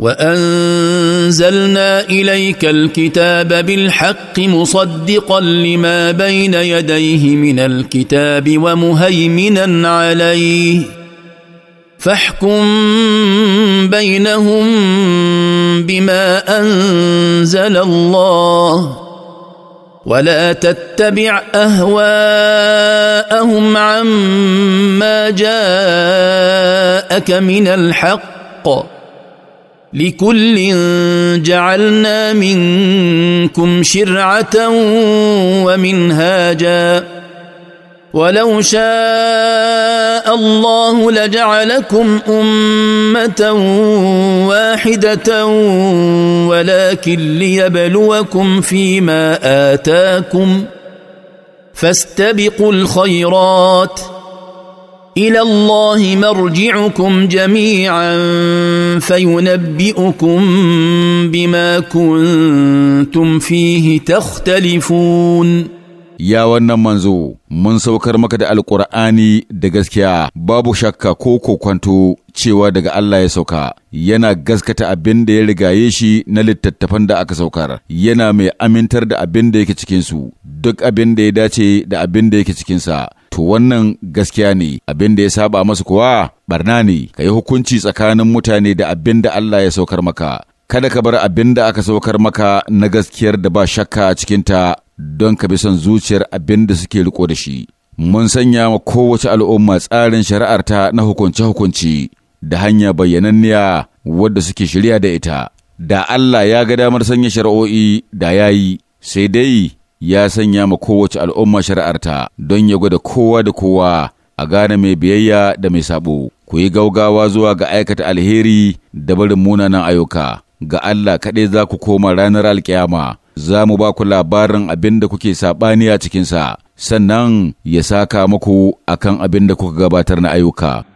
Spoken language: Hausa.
وانزلنا اليك الكتاب بالحق مصدقا لما بين يديه من الكتاب ومهيمنا عليه فاحكم بينهم بما انزل الله ولا تتبع اهواءهم عما جاءك من الحق لكل جعلنا منكم شرعه ومنهاجا ولو شاء الله لجعلكم امه واحده ولكن ليبلوكم فيما اتاكم فاستبقوا الخيرات الى الله مرجعكم جميعا فينبئكم بما كنتم فيه تختلفون ya wannan manzo mun saukar maka da alkur'ani da gaskiya babu shakka ko kokwanto cewa daga Allah ya sauka yana gaskata abin da ya rigaye shi na littattafan da aka saukar yana mai amintar da abin da yake cikinsu duk abin da ya dace da abin da yake cikinsa to wannan gaskiya ne abin da ya saba masu kuwa barna ne ka yi hukunci tsakanin mutane da abin da Allah ya saukar maka kada ka bar abin da aka saukar maka na gaskiyar da ba shakka a cikinta don ka bi son zuciyar abin da suke riko da shi mun sanya ma kowace al'umma tsarin shari'arta na hukunce-hukunci da hanya bayyananniya wadda suke shirya da ita da Allah ya ga damar sanya shari'o'i da yayi sai dai ya sanya ma kowace al'umma shari'arta don ya gwada kowa da kowa a gane mai biyayya da mai sabo. Ku yi gaugawa zuwa ga aikata alheri da barin munanan ayyuka. Ga Allah kaɗai za ku koma ranar alkiyama, za mu ba ku labarin abin da kuke saɓani a cikinsa, sannan ya saka muku akan abin da kuka gabatar na ayyuka.